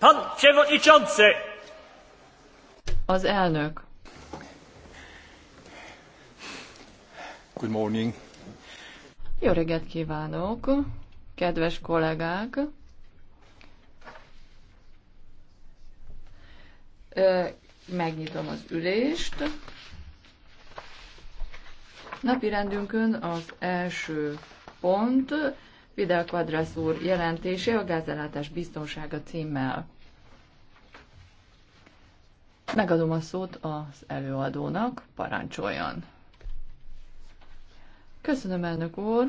Pan przewodniczący! Az elnök. Good morning. Jó reggelt kívánok, kedves kollégák! Megnyitom az ülést. Napirendünkön az első pont Vidal Quadras úr jelentése a gázellátás biztonsága címmel. Megadom a szót az előadónak, parancsoljon. Köszönöm, elnök úr!